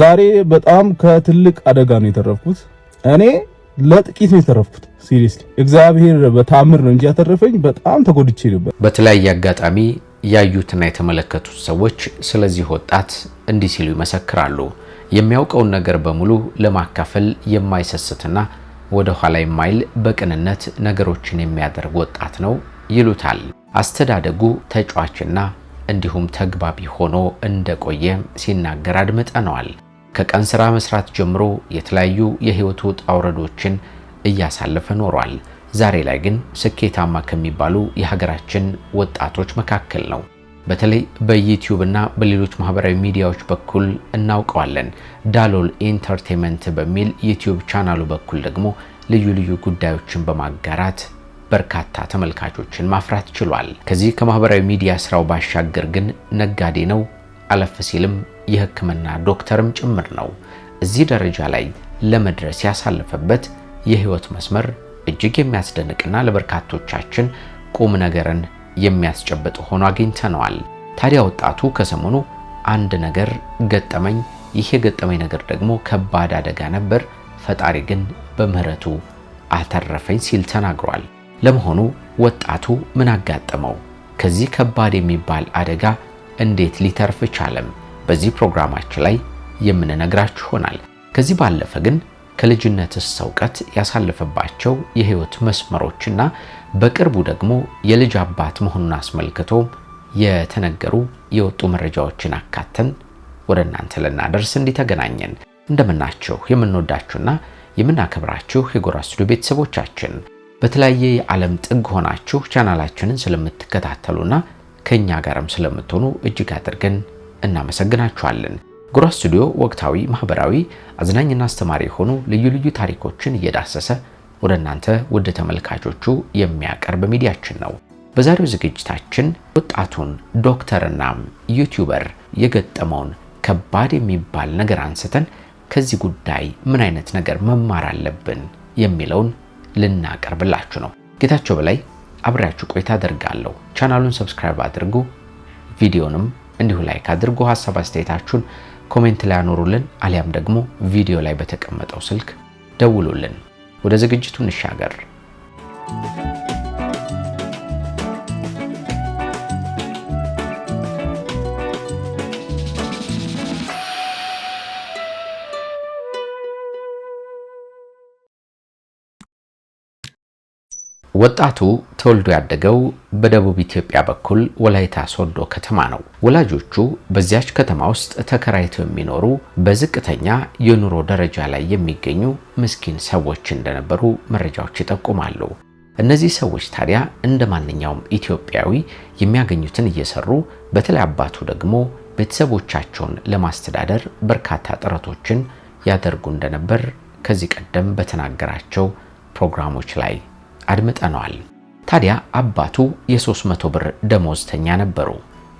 ዛሬ በጣም ከትልቅ አደጋ ነው የተረፍኩት። እኔ ለጥቂት ነው የተረፍኩት። ሲሪየስሊ እግዚአብሔር በታምር ነው እንጂ ያተረፈኝ በጣም ተጎድቼ ነበር። በተለያየ አጋጣሚ ያዩትና የተመለከቱት ሰዎች ስለዚህ ወጣት እንዲህ ሲሉ ይመሰክራሉ። የሚያውቀውን ነገር በሙሉ ለማካፈል የማይሰስትና ወደ ኋላ የማይል በቅንነት ነገሮችን የሚያደርግ ወጣት ነው ይሉታል። አስተዳደጉ ተጫዋችና እንዲሁም ተግባቢ ሆኖ እንደቆየ ሲናገር አድምጠነዋል። ከቀን ስራ መስራት ጀምሮ የተለያዩ የህይወት ውጣ ውረዶችን እያሳለፈ ኖሯል። ዛሬ ላይ ግን ስኬታማ ከሚባሉ የሀገራችን ወጣቶች መካከል ነው። በተለይ በዩቲዩብ እና በሌሎች ማህበራዊ ሚዲያዎች በኩል እናውቀዋለን። ዳሎል ኢንተርቴንመንት በሚል ዩቲዩብ ቻናሉ በኩል ደግሞ ልዩ ልዩ ጉዳዮችን በማጋራት በርካታ ተመልካቾችን ማፍራት ችሏል። ከዚህ ከማህበራዊ ሚዲያ ስራው ባሻገር ግን ነጋዴ ነው፣ አለፍ ሲልም የህክምና ዶክተርም ጭምር ነው። እዚህ ደረጃ ላይ ለመድረስ ያሳለፈበት የህይወት መስመር እጅግ የሚያስደንቅና ለበርካቶቻችን ቁም ነገርን የሚያስጨብጥ ሆኖ አግኝተነዋል። ታዲያ ወጣቱ ከሰሞኑ አንድ ነገር ገጠመኝ። ይህ የገጠመኝ ነገር ደግሞ ከባድ አደጋ ነበር፣ ፈጣሪ ግን በምህረቱ አተረፈኝ ሲል ተናግሯል። ለመሆኑ ወጣቱ ምን አጋጠመው? ከዚህ ከባድ የሚባል አደጋ እንዴት ሊተርፍ ቻለም? በዚህ ፕሮግራማችን ላይ የምንነግራችሁ ይሆናል። ከዚህ ባለፈ ግን ከልጅነት እውቀት ያሳለፈባቸው የህይወት መስመሮችና በቅርቡ ደግሞ የልጅ አባት መሆኑን አስመልክቶ የተነገሩ የወጡ መረጃዎችን አካተን ወደ እናንተ ልናደርስ እንዲተገናኘን እንደምናችሁ የምንወዳችሁና የምናከብራችሁ የጎራ ስቱዲዮ ቤተሰቦቻችን በተለያየ የዓለም ጥግ ሆናችሁ ቻናላችንን ስለምትከታተሉና ከእኛ ጋርም ስለምትሆኑ እጅግ አድርገን እናመሰግናችኋለን። ጉራ ስቱዲዮ ወቅታዊ፣ ማህበራዊ፣ አዝናኝና አስተማሪ የሆኑ ልዩ ልዩ ታሪኮችን እየዳሰሰ ወደ እናንተ ውድ ተመልካቾቹ የሚያቀርብ ሚዲያችን ነው። በዛሬው ዝግጅታችን ወጣቱን ዶክተርናም ዩቲዩበር የገጠመውን ከባድ የሚባል ነገር አንስተን ከዚህ ጉዳይ ምን አይነት ነገር መማር አለብን የሚለውን ልናቀርብላችሁ ነው። ጌታቸው በላይ አብሬያችሁ ቆይታ አደርጋለሁ። ቻናሉን ሰብስክራይብ አድርጉ፣ ቪዲዮንም እንዲሁ ላይክ አድርጉ። ሀሳብ አስተያየታችሁን ኮሜንት ላይ አኖሩልን፣ አሊያም ደግሞ ቪዲዮ ላይ በተቀመጠው ስልክ ደውሉልን። ወደ ዝግጅቱ እንሻገር። ወጣቱ ተወልዶ ያደገው በደቡብ ኢትዮጵያ በኩል ወላይታ ሶዶ ከተማ ነው። ወላጆቹ በዚያች ከተማ ውስጥ ተከራይተው የሚኖሩ በዝቅተኛ የኑሮ ደረጃ ላይ የሚገኙ ምስኪን ሰዎች እንደነበሩ መረጃዎች ይጠቁማሉ። እነዚህ ሰዎች ታዲያ እንደ ማንኛውም ኢትዮጵያዊ የሚያገኙትን እየሰሩ በተለይ አባቱ ደግሞ ቤተሰቦቻቸውን ለማስተዳደር በርካታ ጥረቶችን ያደርጉ እንደነበር ከዚህ ቀደም በተናገራቸው ፕሮግራሞች ላይ አድምጠነዋል። ታዲያ አባቱ የ300 ብር ደሞዝተኛ ነበሩ።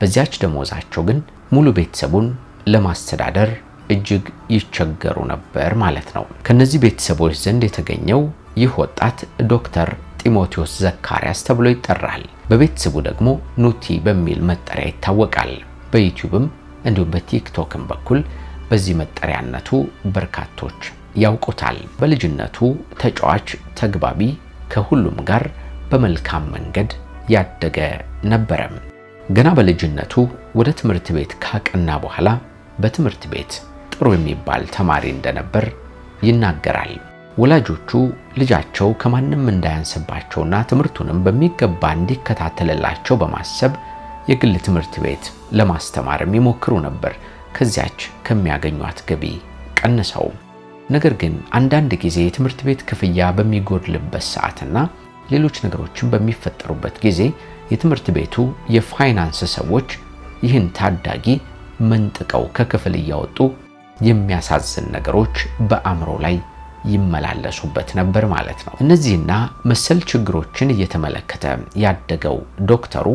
በዚያች ደሞዛቸው ግን ሙሉ ቤተሰቡን ለማስተዳደር እጅግ ይቸገሩ ነበር ማለት ነው። ከነዚህ ቤተሰቦች ዘንድ የተገኘው ይህ ወጣት ዶክተር ጢሞቴዎስ ዘካርያስ ተብሎ ይጠራል። በቤተሰቡ ደግሞ ኑቲ በሚል መጠሪያ ይታወቃል። በዩቲዩብም እንዲሁም በቲክቶክም በኩል በዚህ መጠሪያነቱ በርካቶች ያውቁታል። በልጅነቱ ተጫዋች፣ ተግባቢ ከሁሉም ጋር በመልካም መንገድ ያደገ ነበረም። ገና በልጅነቱ ወደ ትምህርት ቤት ካቀና በኋላ በትምህርት ቤት ጥሩ የሚባል ተማሪ እንደነበር ይናገራል። ወላጆቹ ልጃቸው ከማንም እንዳያንስባቸውና ትምህርቱንም በሚገባ እንዲከታተልላቸው በማሰብ የግል ትምህርት ቤት ለማስተማርም ይሞክሩ ነበር። ከዚያች ከሚያገኟት ገቢ ቀንሰው ነገር ግን አንዳንድ ጊዜ የትምህርት ቤት ክፍያ በሚጎድልበት ሰዓትና ሌሎች ነገሮችን በሚፈጠሩበት ጊዜ የትምህርት ቤቱ የፋይናንስ ሰዎች ይህን ታዳጊ መንጥቀው ከክፍል እያወጡ የሚያሳዝን ነገሮች በአእምሮ ላይ ይመላለሱበት ነበር ማለት ነው። እነዚህና መሰል ችግሮችን እየተመለከተ ያደገው ዶክተሩ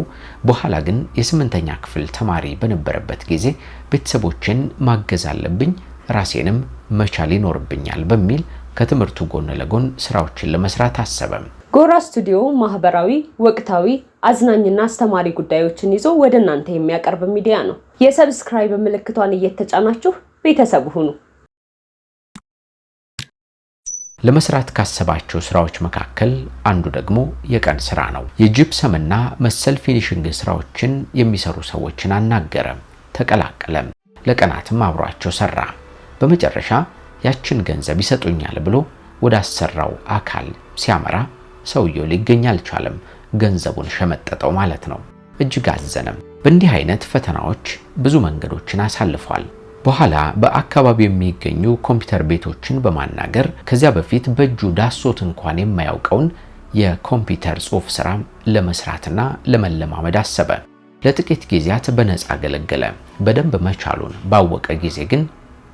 በኋላ ግን የስምንተኛ ክፍል ተማሪ በነበረበት ጊዜ ቤተሰቦችን ማገዝ አለብኝ ራሴንም መቻል ይኖርብኛል በሚል ከትምህርቱ ጎን ለጎን ስራዎችን ለመስራት አሰበም። ጎራ ስቱዲዮ ማህበራዊ፣ ወቅታዊ፣ አዝናኝና አስተማሪ ጉዳዮችን ይዞ ወደ እናንተ የሚያቀርብ ሚዲያ ነው። የሰብስክራይብ ምልክቷን እየተጫናችሁ ቤተሰብ ሁኑ። ለመስራት ካሰባቸው ስራዎች መካከል አንዱ ደግሞ የቀን ስራ ነው። የጅፕሰምና መሰል ፊኒሽንግ ስራዎችን የሚሰሩ ሰዎችን አናገረም፣ ተቀላቀለም። ለቀናትም አብሯቸው ሰራ። በመጨረሻ ያችን ገንዘብ ይሰጡኛል ብሎ ወደ አሰራው አካል ሲያመራ ሰውየው ሊገኝ አልቻለም። ገንዘቡን ሸመጠጠው ማለት ነው። እጅግ አዘነም። በእንዲህ አይነት ፈተናዎች ብዙ መንገዶችን አሳልፏል። በኋላ በአካባቢው የሚገኙ ኮምፒውተር ቤቶችን በማናገር ከዚያ በፊት በእጁ ዳሶት እንኳን የማያውቀውን የኮምፒውተር ጽሑፍ ስራ ለመስራትና ለመለማመድ አሰበ። ለጥቂት ጊዜያት በነፃ አገለገለ። በደንብ መቻሉን ባወቀ ጊዜ ግን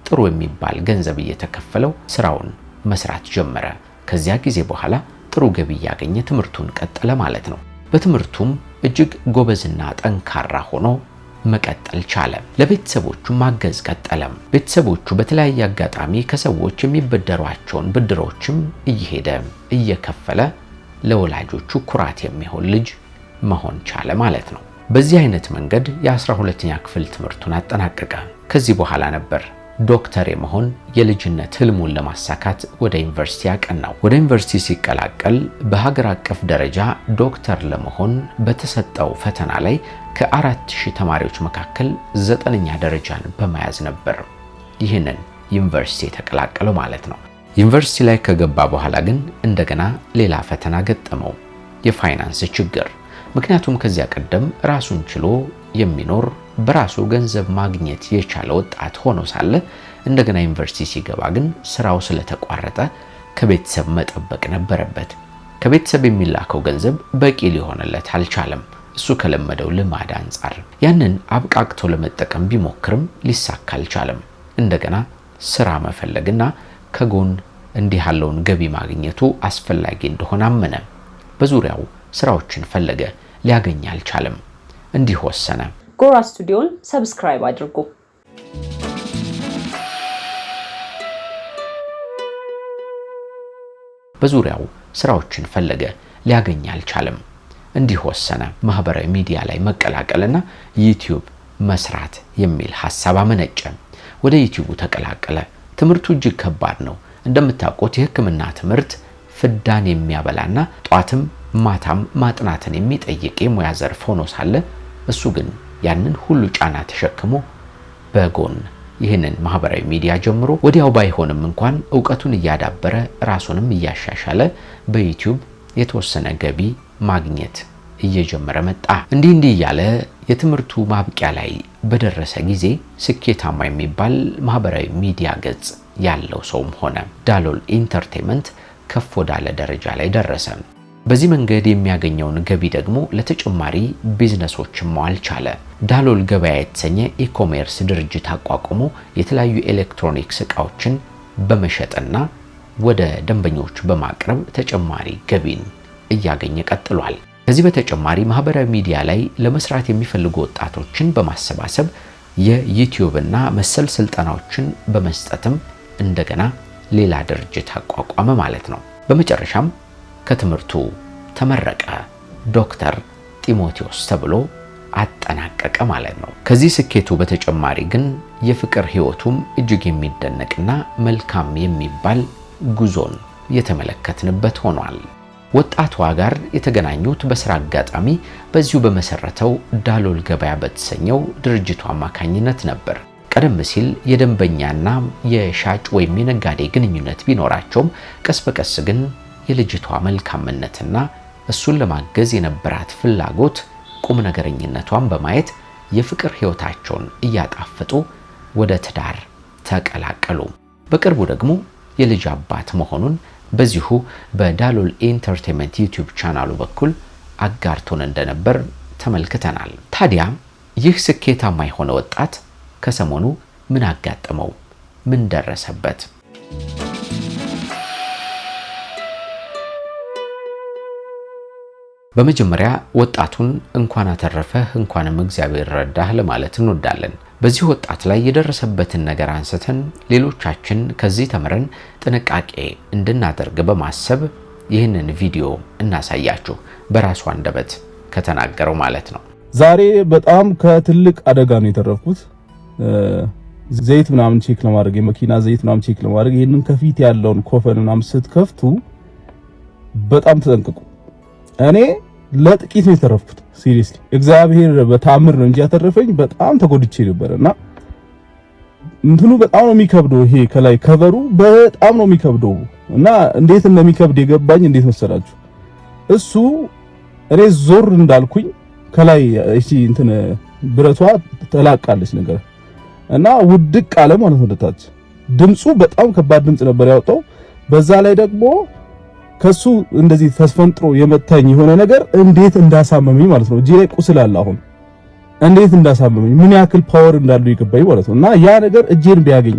ጥሩ የሚባል ገንዘብ እየተከፈለው ስራውን መስራት ጀመረ። ከዚያ ጊዜ በኋላ ጥሩ ገቢ እያገኘ ትምህርቱን ቀጠለ ማለት ነው። በትምህርቱም እጅግ ጎበዝና ጠንካራ ሆኖ መቀጠል ቻለ። ለቤተሰቦቹ ማገዝ ቀጠለም። ቤተሰቦቹ በተለያየ አጋጣሚ ከሰዎች የሚበደሯቸውን ብድሮችም እየሄደ እየከፈለ ለወላጆቹ ኩራት የሚሆን ልጅ መሆን ቻለ ማለት ነው። በዚህ አይነት መንገድ የ12ኛ ክፍል ትምህርቱን አጠናቀቀ። ከዚህ በኋላ ነበር ዶክተር የመሆን የልጅነት ህልሙን ለማሳካት ወደ ዩኒቨርሲቲ ያቀናው። ወደ ዩኒቨርሲቲ ሲቀላቀል በሀገር አቀፍ ደረጃ ዶክተር ለመሆን በተሰጠው ፈተና ላይ ከአራት ሺህ ተማሪዎች መካከል ዘጠነኛ ደረጃን በመያዝ ነበር ይህንን ዩኒቨርሲቲ የተቀላቀለው ማለት ነው። ዩኒቨርሲቲ ላይ ከገባ በኋላ ግን እንደገና ሌላ ፈተና ገጠመው፣ የፋይናንስ ችግር። ምክንያቱም ከዚያ ቀደም ራሱን ችሎ የሚኖር በራሱ ገንዘብ ማግኘት የቻለ ወጣት ሆኖ ሳለ እንደገና ዩኒቨርሲቲ ሲገባ ግን ስራው ስለተቋረጠ ከቤተሰብ መጠበቅ ነበረበት። ከቤተሰብ የሚላከው ገንዘብ በቂ ሊሆንለት አልቻለም። እሱ ከለመደው ልማድ አንጻር ያንን አብቃቅቶ ለመጠቀም ቢሞክርም ሊሳካ አልቻለም። እንደገና ስራ መፈለግና ከጎን እንዲህ ያለውን ገቢ ማግኘቱ አስፈላጊ እንደሆነ አመነ። በዙሪያው ስራዎችን ፈለገ፣ ሊያገኝ አልቻለም። እንዲህ ወሰነ። ጎራ ስቱዲዮን ሰብስክራይብ አድርጉ። በዙሪያው ስራዎችን ፈለገ፣ ሊያገኝ አልቻለም። እንዲህ ወሰነ፣ ማህበራዊ ሚዲያ ላይ መቀላቀልና ዩቲዩብ መስራት የሚል ሀሳብ አመነጨ። ወደ ዩቲዩቡ ተቀላቀለ። ትምህርቱ እጅግ ከባድ ነው። እንደምታውቁት የህክምና ትምህርት ፍዳን የሚያበላና ጧትም ማታም ማጥናትን የሚጠይቅ የሙያ ዘርፍ ሆኖ ሳለ እሱ ግን ያንን ሁሉ ጫና ተሸክሞ በጎን ይህንን ማህበራዊ ሚዲያ ጀምሮ ወዲያው ባይሆንም እንኳን እውቀቱን እያዳበረ ራሱንም እያሻሻለ በዩቲዩብ የተወሰነ ገቢ ማግኘት እየጀመረ መጣ። እንዲህ እንዲህ እያለ የትምህርቱ ማብቂያ ላይ በደረሰ ጊዜ ስኬታማ የሚባል ማህበራዊ ሚዲያ ገጽ ያለው ሰውም ሆነ። ዳሎል ኢንተርቴንመንት ከፍ ወዳለ ደረጃ ላይ ደረሰ። በዚህ መንገድ የሚያገኘውን ገቢ ደግሞ ለተጨማሪ ቢዝነሶች መዋል ቻለ። ዳሎል ገበያ የተሰኘ ኢኮሜርስ ድርጅት አቋቁሞ የተለያዩ ኤሌክትሮኒክስ እቃዎችን በመሸጥና ወደ ደንበኞች በማቅረብ ተጨማሪ ገቢን እያገኘ ቀጥሏል። ከዚህ በተጨማሪ ማህበራዊ ሚዲያ ላይ ለመስራት የሚፈልጉ ወጣቶችን በማሰባሰብ የዩቲዩብና መሰል ስልጠናዎችን በመስጠትም እንደገና ሌላ ድርጅት አቋቋመ ማለት ነው። በመጨረሻም ከትምህርቱ ተመረቀ። ዶክተር ጢሞቴዎስ ተብሎ አጠናቀቀ ማለት ነው። ከዚህ ስኬቱ በተጨማሪ ግን የፍቅር ህይወቱም እጅግ የሚደነቅና መልካም የሚባል ጉዞን የተመለከትንበት ሆኗል። ወጣቷ ጋር የተገናኙት በስራ አጋጣሚ በዚሁ በመሰረተው ዳሎል ገበያ በተሰኘው ድርጅቱ አማካኝነት ነበር። ቀደም ሲል የደንበኛና የሻጭ ወይም የነጋዴ ግንኙነት ቢኖራቸውም ቀስ በቀስ ግን የልጅቷ መልካምነትና እሱን ለማገዝ የነበራት ፍላጎት ቁም ነገረኝነቷን በማየት የፍቅር ህይወታቸውን እያጣፈጡ ወደ ትዳር ተቀላቀሉ። በቅርቡ ደግሞ የልጅ አባት መሆኑን በዚሁ በዳሎል ኢንተርቴንመንት ዩቲዩብ ቻናሉ በኩል አጋርቶን እንደነበር ተመልክተናል። ታዲያ ይህ ስኬታማ የሆነ ወጣት ከሰሞኑ ምን አጋጠመው? ምን ደረሰበት? በመጀመሪያ ወጣቱን እንኳን አተረፈህ እንኳንም እግዚአብሔር ረዳህ ለማለት እንወዳለን። በዚህ ወጣት ላይ የደረሰበትን ነገር አንስተን ሌሎቻችን ከዚህ ተምረን ጥንቃቄ እንድናደርግ በማሰብ ይህንን ቪዲዮ እናሳያችሁ። በራሱ አንደበት ከተናገረው ማለት ነው። ዛሬ በጣም ከትልቅ አደጋ ነው የተረፍኩት። ዘይት ምናምን ቼክ ለማድረግ የመኪና ዘይት ምናምን ቼክ ለማድረግ ይህንን ከፊት ያለውን ኮፈን ምናምን ስትከፍቱ በጣም ተጠንቅቁ። እኔ ለጥቂት ነው የተረፍኩት። ሲሪየስሊ እግዚአብሔር በታምር ነው እንጂ ያተረፈኝ በጣም ተጎድቼ ነበርና እንትኑ በጣም ነው የሚከብደው። ይሄ ከላይ ከቨሩ በጣም ነው የሚከብደው እና እንዴት እንደሚከብድ የገባኝ እንዴት መሰላችሁ? እሱ እኔ ዞር እንዳልኩኝ ከላይ እሺ እንትን ብረቷ ተላቃለች ነገር እና ውድቅ አለ ማለት ወደታች። ድምፁ በጣም ከባድ ድምፅ ነበር ያወጣው። በዛ ላይ ደግሞ ከሱ እንደዚህ ተስፈንጥሮ የመታኝ የሆነ ነገር እንዴት እንዳሳመመኝ ማለት ነው። እጄ ላይ ቁስል አለ አሁን እንዴት እንዳሳመመኝ ምን ያክል ፓወር እንዳለው ይገባኝ ማለት ነው። እና ያ ነገር እጄን ቢያገኝ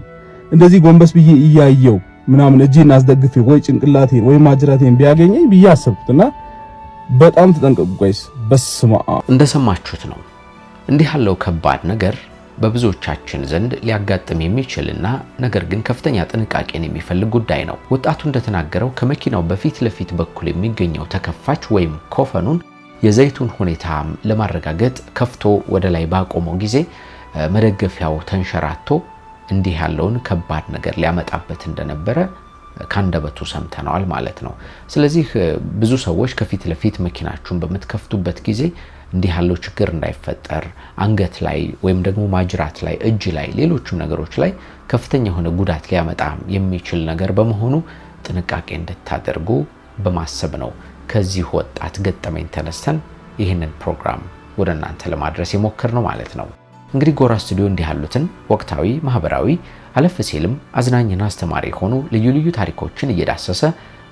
እንደዚህ ጎንበስ ብዬ እያየው ምናምን እጄን አስደግፌ ወይ ጭንቅላቴን ወይ ማጅራቴን ቢያገኘኝ ብዬ አሰብኩትና በጣም ተጠንቀቁ ጋይስ። በስማ እንደሰማችሁት ነው እንዲህ ያለው ከባድ ነገር በብዙዎቻችን ዘንድ ሊያጋጥም የሚችልና ነገር ግን ከፍተኛ ጥንቃቄን የሚፈልግ ጉዳይ ነው። ወጣቱ እንደተናገረው ከመኪናው በፊት ለፊት በኩል የሚገኘው ተከፋች ወይም ኮፈኑን የዘይቱን ሁኔታ ለማረጋገጥ ከፍቶ ወደ ላይ ባቆመው ጊዜ መደገፊያው ተንሸራቶ እንዲህ ያለውን ከባድ ነገር ሊያመጣበት እንደነበረ ካንደበቱ ሰምተነዋል ማለት ነው። ስለዚህ ብዙ ሰዎች ከፊት ለፊት መኪናችሁን በምትከፍቱበት ጊዜ እንዲህ ያለው ችግር እንዳይፈጠር አንገት ላይ ወይም ደግሞ ማጅራት ላይ፣ እጅ ላይ፣ ሌሎችም ነገሮች ላይ ከፍተኛ የሆነ ጉዳት ሊያመጣ የሚችል ነገር በመሆኑ ጥንቃቄ እንድታደርጉ በማሰብ ነው ከዚህ ወጣት ገጠመኝ ተነስተን ይህንን ፕሮግራም ወደ እናንተ ለማድረስ የሞከር ነው ማለት ነው። እንግዲህ ጎራ ስቱዲዮ እንዲህ ያሉትን ወቅታዊ፣ ማህበራዊ አለፍ ሲልም አዝናኝና አስተማሪ የሆኑ ልዩ ልዩ ታሪኮችን እየዳሰሰ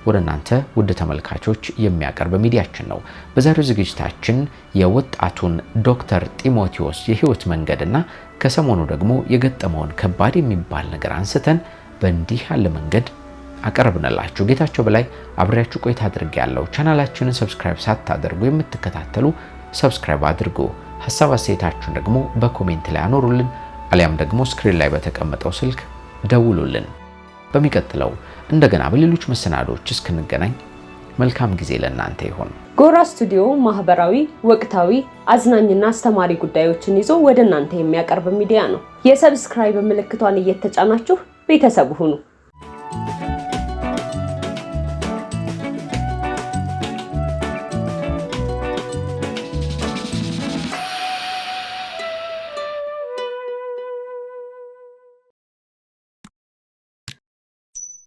ወደ እናንተ ውድ ተመልካቾች የሚያቀርብ ሚዲያችን ነው። በዛሬው ዝግጅታችን የወጣቱን ዶክተር ጢሞቴዎስ የህይወት መንገድና ከሰሞኑ ደግሞ የገጠመውን ከባድ የሚባል ነገር አንስተን በእንዲህ ያለ መንገድ አቀርብንላችሁ። ጌታቸው በላይ አብሬያችሁ ቆይታ አድርጌ ያለው። ቻናላችንን ሰብስክራይብ ሳታደርጉ የምትከታተሉ ሰብስክራይብ አድርጉ። ሀሳብ አስተያየታችሁን ደግሞ በኮሜንት ላይ አኖሩልን፣ አሊያም ደግሞ ስክሪን ላይ በተቀመጠው ስልክ ደውሉልን። በሚቀጥለው እንደገና በሌሎች መሰናዶዎች እስክንገናኝ መልካም ጊዜ ለእናንተ ይሆን። ጎራ ስቱዲዮ ማህበራዊ፣ ወቅታዊ፣ አዝናኝና አስተማሪ ጉዳዮችን ይዞ ወደ እናንተ የሚያቀርብ ሚዲያ ነው። የሰብስክራይብ ምልክቷን እየተጫናችሁ ቤተሰብ ሁኑ።